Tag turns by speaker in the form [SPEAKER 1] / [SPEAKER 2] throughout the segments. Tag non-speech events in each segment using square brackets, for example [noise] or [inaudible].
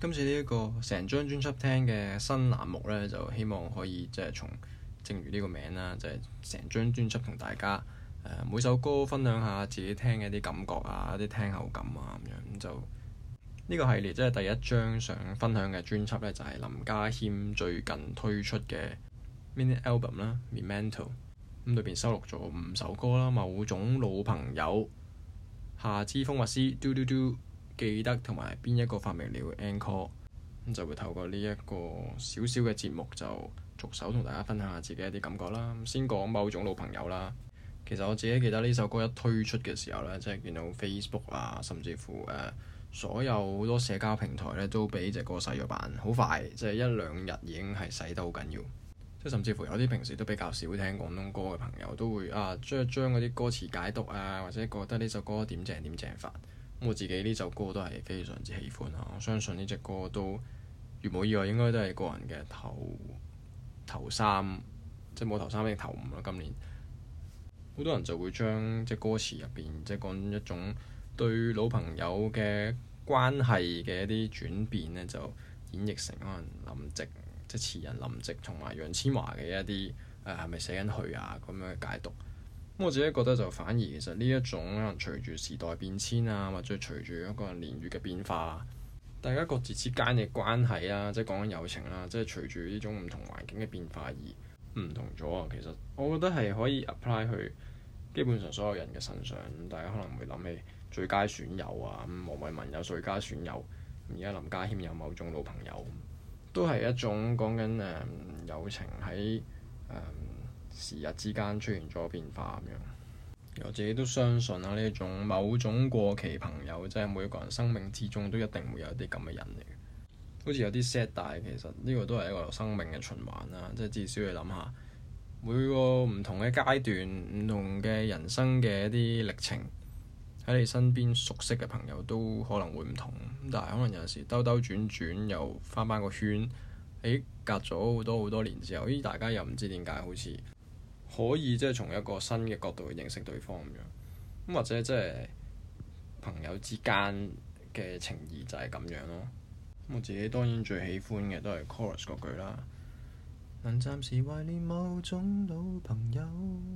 [SPEAKER 1] 今次呢、這、一個成張專輯聽嘅新欄目呢，就希望可以即係、就是、從正如呢個名啦，就係、是、成張專輯同大家、呃、每首歌分享下自己聽嘅啲感覺啊、啲聽後感啊咁樣，就呢、這個系列即係第一張想分享嘅專輯呢，就係、是、林家謙最近推出嘅 Mini Album 啦，《Memento》，咁裏邊收錄咗五首歌啦，《某種老朋友》、《夏之風物詩》、《嘟嘟嘟》。記得同埋邊一個發明了 ENCORE 咁就會透過呢一個少少嘅節目就逐首同大家分享下自己一啲感覺啦。先講某種老朋友啦，其實我自己記得呢首歌一推出嘅時候呢，即係見到 Facebook 啊，甚至乎誒所有好多社交平台呢，都俾隻歌洗咗版，好快即係一兩日已經係洗得好緊要。
[SPEAKER 2] 即係甚至
[SPEAKER 1] 乎有啲平時都比較少聽廣東歌嘅朋友都會啊將將嗰啲歌詞解讀啊，或者覺得呢首歌點正點正法。我自己呢首歌都係非常之喜歡啊！我相信呢隻歌都如冇意外，應該都係個人嘅頭頭三，即係冇頭三定頭五啦。今年好多人就會將即係歌詞入邊即係講一種對老朋友嘅關係嘅一啲轉變呢就演繹成可能林夕即係詞人林夕同埋楊千嬅嘅一啲誒係咪寫緊佢啊咁樣嘅解讀。我自己覺得就反而其實呢一種可能隨住時代變遷啊，或者隨住一個人年月嘅變化、啊，大家各自之間嘅關係啊，即係講緊友情啦、啊，即係隨住呢種唔同環境嘅變化而唔同咗啊。其實我覺得係可以 apply 去基本上所有人嘅身上。大家可能會諗起最佳損友啊，咁黃偉文有最佳損友，而家林家謙有某種老朋友，都係一種講緊誒友情喺誒。嗯時日之間出現咗變化咁樣，我自己都相信啊。呢一種某種過期朋友，即係每個人生命之中都一定會有啲咁嘅人嚟嘅。好似有啲 sad，但係其實呢個都係一個生命嘅循環啦。即係至少你諗下每個唔同嘅階段，唔同嘅人生嘅一啲歷程，喺你身邊熟悉嘅朋友都可能會唔同。但係可能有時兜兜轉轉又翻返個圈，哎、隔咗好多好多年之後，咦大家又唔知點解好似～可以即係從一個新嘅角度去認識對方咁樣，咁或者即係朋友之間嘅情義就係咁樣咯。我自己當然最喜歡嘅都係 chorus 嗰句啦。 [music] 能暫時懷念某種老朋友，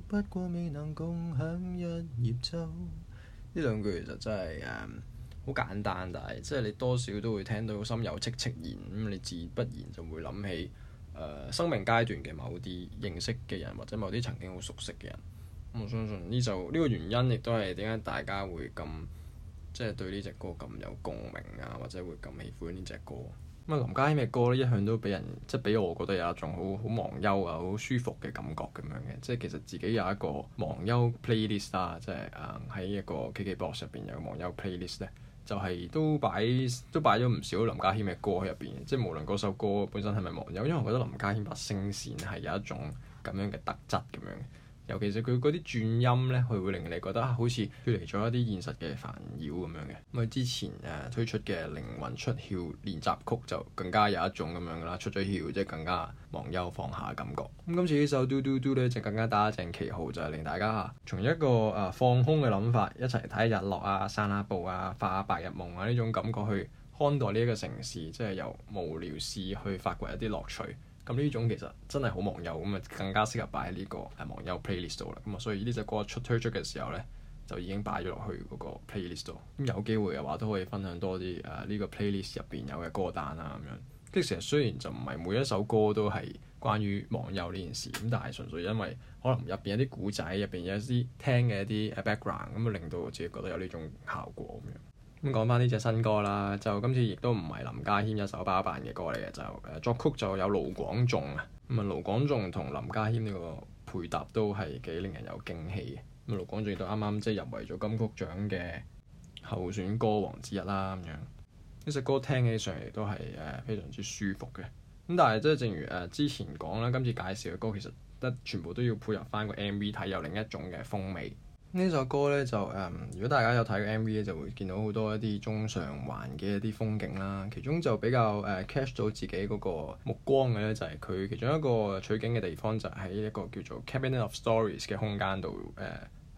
[SPEAKER 1] 不過未能共享一葉舟。呢兩句其實真係誒好簡單，但係即係你多少都會聽到心有戚戚然，咁你自不然就會諗起。誒、呃、生命階段嘅某啲認識嘅人，或者某啲曾經好熟悉嘅人，我相信呢就呢個原因，亦都係點解大家會咁即係對呢隻歌咁有共鳴啊，或者會咁喜歡呢隻歌。咁啊，林家謙嘅歌咧，一向都俾人即係俾我覺得有一種好好忘憂啊，好舒服嘅感覺咁樣嘅。即係其實自己有一個忘憂 playlist 啦、啊，即係誒喺一個 KKBox 入邊有個忘憂 playlist 咧、啊。就係都擺都擺咗唔少林家謙嘅歌喺入邊，即係無論嗰首歌，歌本身係咪忘憂，因為我覺得林家謙把聲線係有一種咁樣嘅特質咁樣。尤其是佢嗰啲轉音呢佢會令你覺得、啊、好似脱離咗一啲現實嘅煩擾咁樣嘅。咁佢之前、呃、推出嘅《靈魂出竅》練習曲就更加有一種咁樣啦，出咗竅即係更加忘憂放下嘅感覺。咁、嗯、今次呢首嘟嘟嘟呢，就更加打正旗號，就係、是、令大家從一個誒、呃、放空嘅諗法，一齊睇日落啊、散下步啊、發白日夢啊呢種感覺去看待呢一個城市，即係由無聊事去發掘一啲樂趣。咁呢種其實真係好忘憂，咁啊更加適合擺喺呢個誒忘憂 playlist 度啦。咁啊，所以呢隻歌出推出嘅時候咧，就已經擺咗落去嗰個 playlist 度。咁有機會嘅話，都可以分享多啲誒呢個 playlist 入邊有嘅歌單啦。咁樣即係成日雖然就唔係每一首歌都係關於忘憂呢件事，咁但係純粹因為可能入邊有啲古仔，入邊有啲聽嘅一啲 background，咁啊令到我自己覺得有呢種效果咁樣。咁講翻呢隻新歌啦，就今次亦都唔係林家謙一手包辦嘅歌嚟嘅，就誒、呃、作曲就有盧廣仲啊。咁啊，盧廣仲同林家謙呢個配搭都係幾令人有驚喜嘅。咁啊，盧廣仲亦都啱啱即係入圍咗金曲獎嘅候選歌王之一啦。咁樣，呢首歌聽起上嚟都係誒、呃、非常之舒服嘅。咁但係即係正如誒、呃、之前講啦，今次介紹嘅歌其實得全部都要配合翻個 MV 睇，有另一種嘅風味。呢首歌呢，就誒、嗯，如果大家有睇過 MV 咧，就會見到好多一啲中上環嘅一啲風景啦。其中就比較誒、呃、catch 到自己嗰個目光嘅呢，就係、是、佢其中一個取景嘅地方，就喺一個叫做 Cabinet of Stories 嘅空間度誒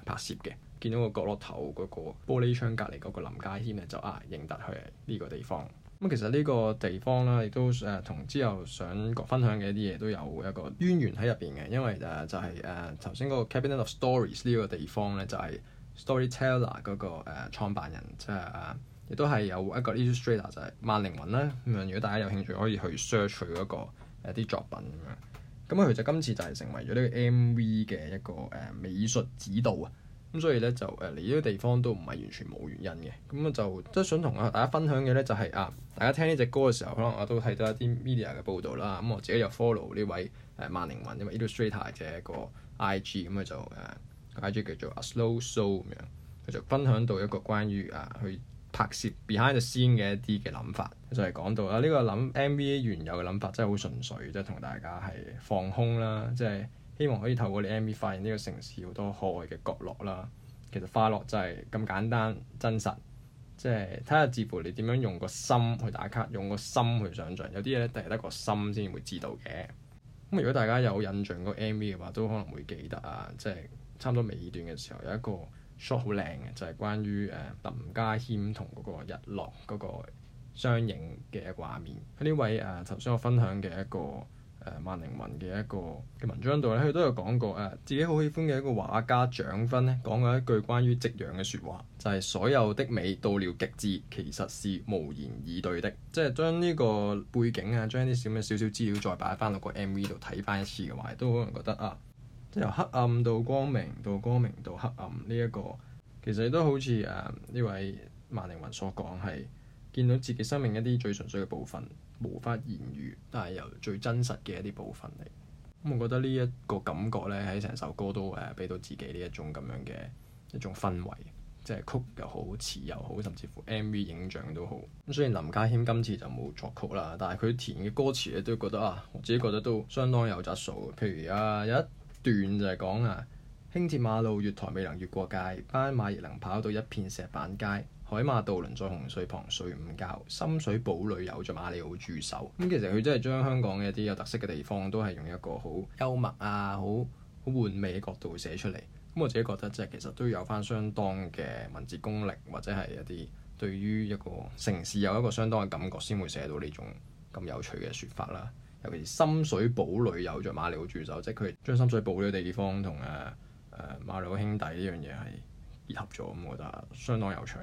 [SPEAKER 1] 拍攝嘅。見到個角落頭嗰個玻璃窗隔離嗰個林家謙咧，就啊認得佢呢個地方。咁其實呢個地方咧，亦都誒同之後想分享嘅一啲嘢都有一個淵源喺入邊嘅，因為誒就係誒頭先嗰個 Cabinet of Stories 呢個地方咧，就係 Storyteller 嗰個誒創辦人，即係啊、亦都係有一個 illustrator 就係萬靈雲啦。咁樣如果大家有興趣，可以去 search 佢嗰個一啲作品咁樣。咁啊，其實今次就係成為咗呢個 MV 嘅一個誒美術指導啊。咁所以咧就誒嚟呢啲地方都唔係完全冇原因嘅。咁、嗯、啊就即係想同啊大家分享嘅咧就係、是、啊大家聽呢隻歌嘅時候，可能我都睇到一啲 media 嘅報道啦，咁、嗯、我自己又 follow 呢位誒萬靈雲，因為 illustrator 嘅一個 IG，咁、嗯、啊就誒 IG 叫做 A Slow Show 咁樣，佢就分享到一個關於啊去拍攝 Behind the Scene 嘅一啲嘅諗法，就係講到啊呢、這個諗 MV 原有嘅諗法真係好純粹，即係同大家係放空啦，即係。希望可以透過你 MV 發現呢個城市好多可愛嘅角落啦。其實花落真係咁簡單，真實，即係睇下視乎你點樣用個心去打卡，用個心去想像。有啲嘢咧，係得個心先會知道嘅。咁如果大家有印象個 MV 嘅話，都可能會記得啊。即係差唔多尾段嘅時候有一個 shot 好靚嘅，就係關於誒林家謙同嗰個日落嗰個相映嘅一個畫面。呢位誒頭先我分享嘅一個。誒、啊、萬靈文嘅一個嘅文章度咧，佢都有講過誒、啊、自己好喜歡嘅一個畫家蔣勳咧，講過一句關於夕陽嘅説話，就係、是、所有的美到了極致，其實是無言以對的。即係將呢個背景啊，將啲少少資料再擺翻落個 M V 度睇翻一次嘅話，都可能覺得啊，即由黑暗到光明，到光明到黑暗呢一、這個，其實都好似誒呢位萬靈文所講係見到自己生命一啲最純粹嘅部分。無法言喻，但係由最真實嘅一啲部分嚟。咁、嗯、我覺得呢一個感覺呢，喺成首歌都誒俾、呃、到自己呢一種咁樣嘅一種氛圍，即係曲又好，詞又好，甚至乎 MV 影像都好。咁、嗯、雖然林家謙今次就冇作曲啦，但係佢填嘅歌詞咧都覺得啊，我自己覺得都相當有質素。譬如啊有一段就係講啊，輕鐵馬路月台未能越過街，斑馬亦能跑到一片石板街。海馬渡輪在洪水旁睡午覺，深水埗旅遊在馬里奧駐守。咁、嗯、其實佢真係將香港嘅一啲有特色嘅地方都係用一個好幽默啊，好好玩味嘅角度寫出嚟。咁、嗯、我自己覺得、就是，即係其實都有返相當嘅文字功力，或者係一啲對於一個城市有一個相當嘅感覺，先會寫到呢種咁有趣嘅說法啦。尤其是深水埗旅遊在馬里奧駐守，即係佢將深水埗呢個地方同誒誒馬里奧兄弟呢樣嘢係結合咗。咁、嗯、我覺得相當有趣。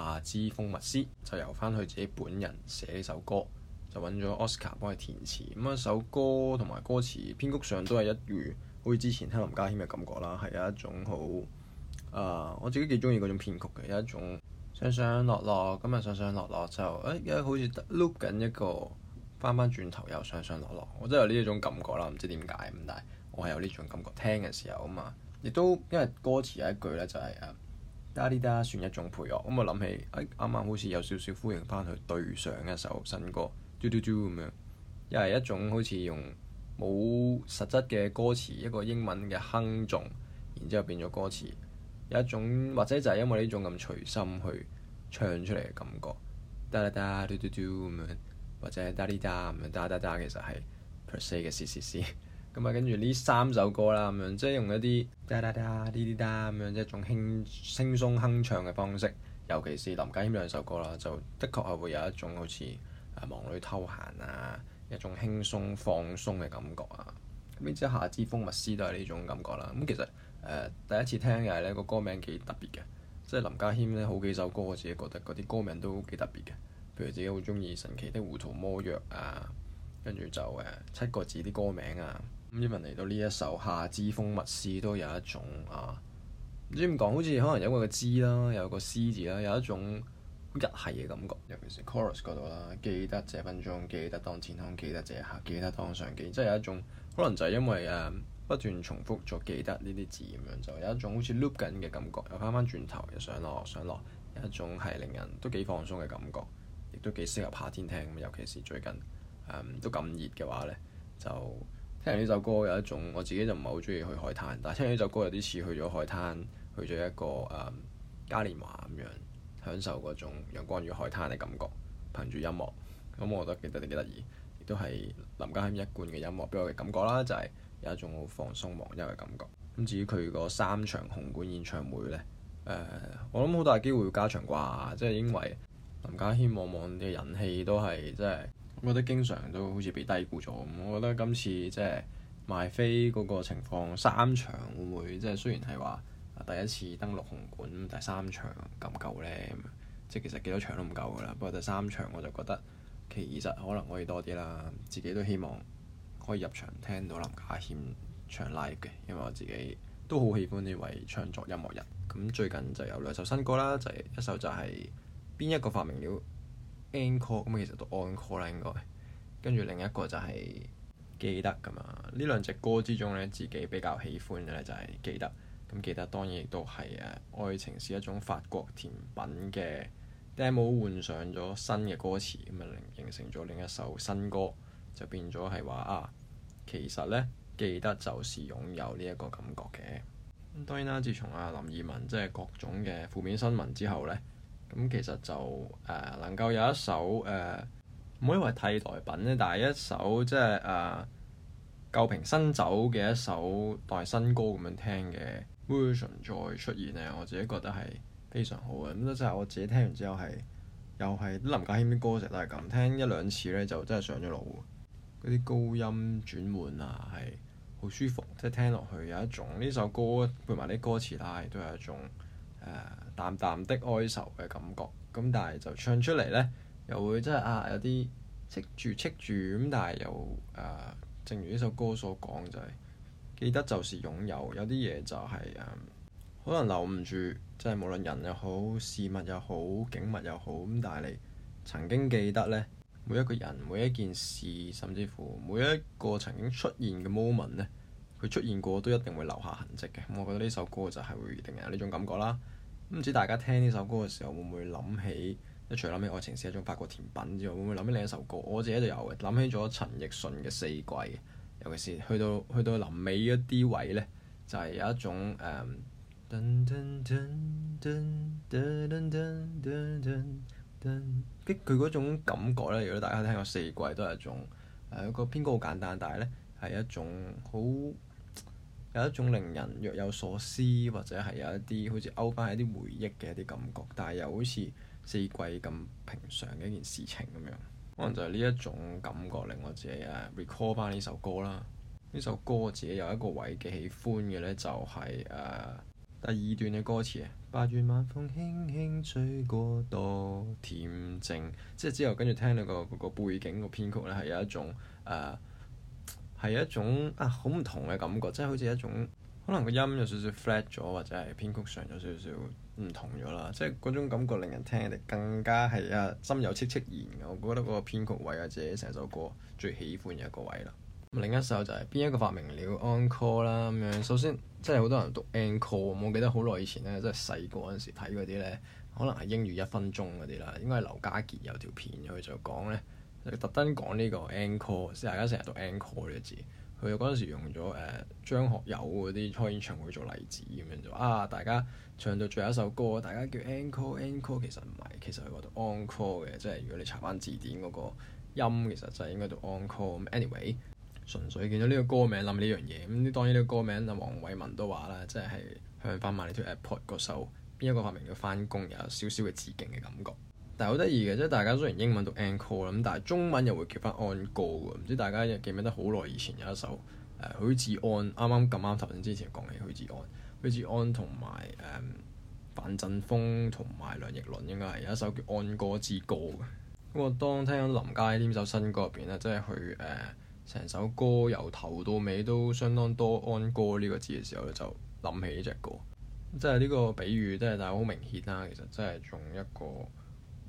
[SPEAKER 1] 夏之風物詩就由翻去自己本人寫呢首歌，就揾咗 Oscar 幫佢填詞。咁一首歌同埋歌詞編曲上都係一如，好似之前聽林家謙嘅感覺啦，係有一種好啊、呃，我自己幾中意嗰種編曲嘅，有一種上上落落，咁啊上上落落就誒誒，欸、好似 loop 緊一個翻翻轉頭又上上落落。我真係有呢一種感覺啦，唔知點解咁，但係我係有呢種感覺聽嘅時候啊嘛。亦都因為歌詞有一句呢，就係、是啊嗒啲嗒算一種配樂，咁、嗯、我諗起，哎啱啱好似有少少呼應翻去對上一首新歌，嘟嘟嘟咁樣，又係一種好似用冇實質嘅歌詞，一個英文嘅哼頌，然之後變咗歌詞，有一種或者就係因為呢種咁隨心去唱出嚟嘅感覺，嗒嗒嗒嘟嘟嘟咁樣，或者嗒啲嗒咁樣，嗒嗒嗒其實係 per se 嘅 C C C。咁啊，跟住呢三首歌啦，咁樣即係用一啲嗒嗒嗒、嘀嘀嗒咁樣，即係一種輕輕鬆哼唱嘅方式。尤其是林家謙兩首歌啦，就的確係會有一種好似誒忙裡偷閒啊，一種輕鬆放鬆嘅感覺啊。咁之後《夏之風物詩》都係呢種感覺啦、啊。咁其實誒、呃、第一次聽嘅係呢個歌名幾特別嘅，即係林家謙呢好幾首歌，我自己覺得嗰啲歌名都幾特別嘅。譬如自己好中意《神奇的糊塗魔藥》啊，跟住就誒七個字啲歌名啊。咁依份嚟到呢一首《夏之風物詩》都有一種啊，唔知點講，好似可能有個“之”啦，有個“詩”字啦，有一種日系嘅感覺。尤其是 chorus 嗰度啦，記得這分鐘，記得當天空，記得這一刻，記得當上鏡，即係有一種可能就係因為誒、啊、不斷重複咗「記得」呢啲字咁樣，就有一種好似 loop 緊嘅感覺，又翻翻轉頭又上落上落，有一種係令人都幾放鬆嘅感覺，亦都幾適合夏天聽。尤其是最近、啊、都咁熱嘅話咧，就。聽完呢首歌有一種我自己就唔係好中意去海灘，但係聽完呢首歌有啲似去咗海灘，去咗一個誒加連華咁樣，享受嗰種陽光與海灘嘅感覺，憑住音樂，咁我都覺得幾得意，亦都係林家謙一貫嘅音樂俾我嘅感覺啦，就係、是、有一種好放鬆忘憂嘅感覺。咁至於佢個三場紅館演唱會呢，誒、呃、我諗好大機會要加場啩，即係、就是、因為林家謙往往嘅人氣都係即係。我覺得經常都好似被低估咗。我覺得今次即係賣飛嗰個情況，三場會唔會即係雖然係話第一次登陸紅館，第三場夠唔夠呢？即係其實幾多場都唔夠㗎啦。不過第三場我就覺得其實可能可以多啲啦。自己都希望可以入場聽到林家謙唱 live 嘅，因為我自己都好喜歡呢位唱作音樂人。咁最近就有兩首新歌啦，就係一首就係邊一個發明了 encore 咁其實都 encore 啦，en core，應該跟住另一個就係記得咁嘛。呢兩隻歌之中咧，自己比較喜歡嘅咧就係記得咁。記得當然亦都係誒，愛情是一種法國甜品嘅 demo 換上咗新嘅歌詞咁啊，就形成咗另一首新歌，就變咗係話啊，其實咧記得就是擁有呢一個感覺嘅咁。當然啦，自從阿、啊、林二汶，即係各種嘅負面新聞之後咧。咁其實就誒、呃、能夠有一首誒唔可以話替代品咧，但係一首即係誒、呃、舊瓶新酒嘅一首代新歌咁樣聽嘅 version [music] 再出現咧，我自己覺得係非常好嘅咁。即就係我自己聽完之後，係又係林家謙啲歌成日都係咁，聽一兩次咧就真係上咗腦了，嗰啲高音轉換啊係好舒服，即、就、係、是、聽落去有一種呢首歌配埋啲歌詞咧都係一種。呃、淡淡的哀愁嘅感覺，咁但係就唱出嚟呢，又會即係啊有啲戚住戚住，咁但係又誒、呃，正如呢首歌所講就係記得就是擁有，有啲嘢就係嗯、可能留唔住，即係無論人又好，事物又好，景物又好，咁但係你曾經記得呢，每一個人、每一件事，甚至乎每一個曾經出現嘅 moment 呢。佢出現過都一定會留下痕跡嘅，我覺得呢首歌就係會一定有呢種感覺啦。唔知大家聽呢首歌嘅時候會唔會諗起？一除咗諗起愛情是一種法國甜品之外，會唔會諗起另一首歌？我自己都有嘅，諗起咗陳奕迅嘅《四季》。尤其是去到去到臨尾一啲位呢，就係有一種誒，噔佢嗰種感覺呢。如果大家聽過《四季》，都係一種誒個編曲好簡單，但係呢，係一種好。有一種令人若有所思，或者係有一啲好似勾翻一啲回憶嘅一啲感覺，但係又好似四季咁平常嘅一件事情咁樣，可能就係呢一種感覺令我自己誒 recall 翻呢首歌啦。呢首歌自己有一個位幾喜歡嘅呢，就係、是、誒、呃、第二段嘅歌詞啊。 [music] 八月晚風輕輕吹過，多恬靜。即係、 [music] 就是、之後跟住聽到、個嗰、個、背景、個編曲呢，係有一種誒。呃係一種啊，好唔同嘅感覺，即係好似一種可能個音有少少 flat 咗，或者係編曲上有少少唔同咗啦。即係嗰種感覺令人聽嚟更加係啊，心有戚戚然嘅。我覺得嗰個編曲位係自己成首歌最喜歡嘅一個位啦。咁 [laughs] 另一首就係、是、邊一個發明了 on call 啦咁樣。首先即係好多人讀 encore，我記得好耐以前咧，即係細個嗰陣時睇嗰啲咧，可能係英語一分鐘嗰啲啦，應該係劉家傑有條片佢就講咧。特登講呢個 encore 即大家成日讀 encore 呢個字，佢嗰陣時用咗誒、呃、張學友嗰啲開演唱會做例子咁樣就啊！大家唱到最後一首歌，大家叫 encore，encore 其實唔係，其實係講 on call 嘅，即係如果你查翻字典嗰個音，其實就應該讀 on call。anyway，純粹見到呢個歌名諗呢樣嘢，咁、嗯、當然呢個歌名阿黃偉文都話啦，即係向翻 My Little Airport 嗰首，邊一個發明咗翻工，有少少嘅致敬嘅感覺。但係好得意嘅，即係大家雖然英文讀 Encore 咁但係中文又會叫翻安歌㗎。唔知大家記唔記得好耐以前有一首誒、呃、許志安啱啱咁啱頭先之前講起許志安、許志安同埋誒范振鋒同埋梁奕倫，應該係有一首叫《安歌之歌》嘅、嗯。咁我當聽林佳呢首新歌入邊咧，即係佢誒成首歌由頭到尾都相當多安歌呢個字嘅時候咧，就諗起呢隻歌，即係呢個比喻，即係大家好明顯啦，其實真係用一個。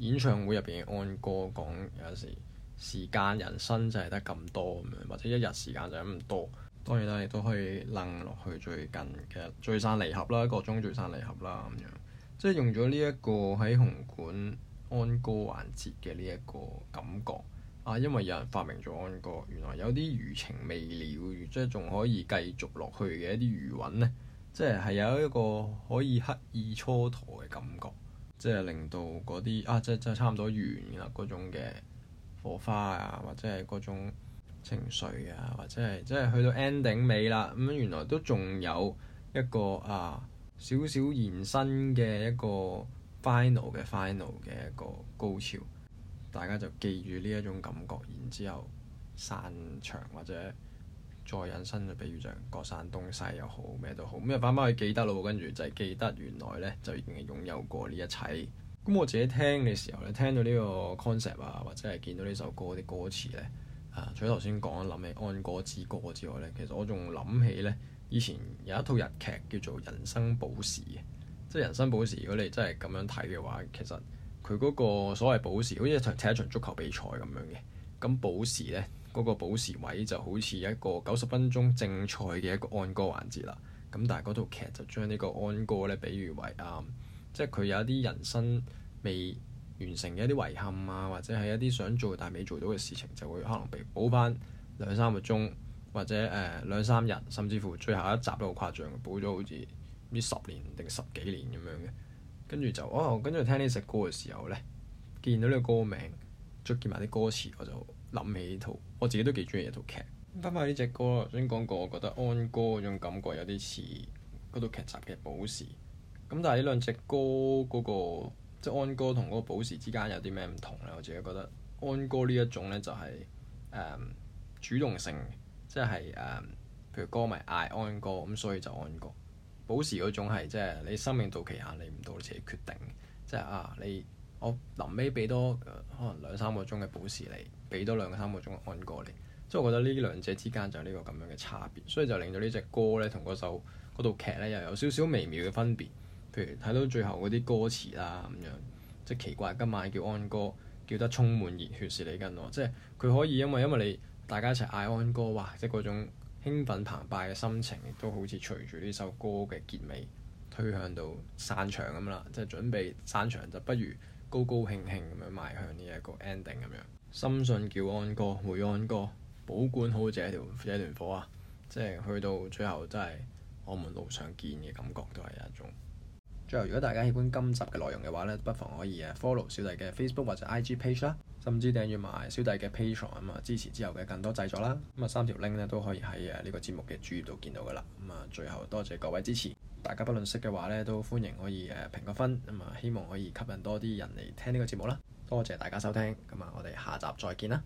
[SPEAKER 1] 演唱會入邊嘅安歌，講有陣時時間人生就係得咁多咁樣，或者一日時間就咁多。當然啦，亦都可以攬落去最近嘅聚散離合啦，各種聚散離合啦咁樣，即係用咗呢一個喺紅館安歌環節嘅呢一個感覺。啊，因為有人發明咗安歌，go, 原來有啲餘情未了，即係仲可以繼續落去嘅一啲餘韻呢，即係係有一個可以刻意蹉跎嘅感覺。即係令到嗰啲啊，即係即係差唔多完啦嗰種嘅火花啊，或者係嗰種情緒啊，或者係即係去到 ending 尾啦，咁、嗯、原來都仲有一個啊少少延伸嘅一個 final 嘅 final 嘅一個高潮，大家就記住呢一種感覺，然之後散場或者。再引申，就比如就各散東西又好咩都好，咁又反返去記得咯，跟住就係記得原來咧就已經係擁有過呢一切。咁我自己聽嘅時候咧，聽到呢個 concept 啊，或者係見到呢首歌啲歌詞咧，啊除咗頭先講諗起安哥之歌之外咧，其實我仲諗起咧以前有一套日劇叫做《人生補時》，嘅，即係人生補時》，如果你真係咁樣睇嘅話，其實，佢嗰個所謂補時好似一場踢一場足球比賽咁樣嘅。咁補時咧～嗰個補時位就好似一個九十分鐘正賽嘅一個安歌環節啦。咁但係嗰套劇就將呢個安歌咧，比喻為啊、嗯，即係佢有一啲人生未完成嘅一啲遺憾啊，或者係一啲想做但係未做到嘅事情，就會可能被補翻兩三個鐘，或者誒、呃、兩三日，甚至乎最後一集都好誇張，補咗好似呢十年定十幾年咁樣嘅。跟住就哦，跟住聽呢隻歌嘅時候咧，見到呢個歌名，再見埋啲歌詞，我就～諗起套，我自己都幾中意一套劇。翻返呢隻歌啦，頭先講過我覺得安哥嗰種感覺有啲似嗰套劇集嘅寶時。咁但係呢兩隻歌嗰、那個，即係安哥同嗰個寶時之間有啲咩唔同咧？我自己覺得安哥呢一種咧就係、是、誒、嗯、主動性，即係誒、嗯，譬如歌迷嗌安哥，咁所以就安哥。寶時嗰種係即係你生命到期限你唔到，自己決定，即係啊你。我臨尾俾多可能兩三個鐘嘅保時你，俾多兩三個鐘嘅安歌你。即係我覺得呢兩者之間就係呢個咁樣嘅差別，所以就令到呢隻歌咧同嗰首嗰度劇咧又有少少微妙嘅分別。譬如睇到最後嗰啲歌詞啦，咁樣即係奇怪，今晚叫安歌叫得充滿熱血，是你跟我，即係佢可以因為因為你大家一齊嗌安歌，哇！即係嗰種興奮澎湃嘅心情，亦都好似隨住呢首歌嘅結尾推向到散場咁啦，即係準備散場就不如。高高興興咁樣邁向呢一個 ending 咁樣，深信叫安哥、會安哥保管好這條這段火啊！即係去到最後，真係我們路上見嘅感覺都係一種。最後，如果大家喜歡今集嘅內容嘅話呢，不妨可以啊 follow 小弟嘅 Facebook 或者 IG page 啦，甚至訂閱埋小弟嘅 Patreon 啊嘛，支持之後嘅更多製作啦。咁啊，三條 link 咧都可以喺啊呢個節目嘅主頁度見到噶啦。咁啊，最後多謝各位支持。大家不論識嘅話咧，都歡迎可以誒評個分，咁啊希望可以吸引多啲人嚟聽呢個節目啦。多謝大家收聽，咁啊我哋下集再見啦。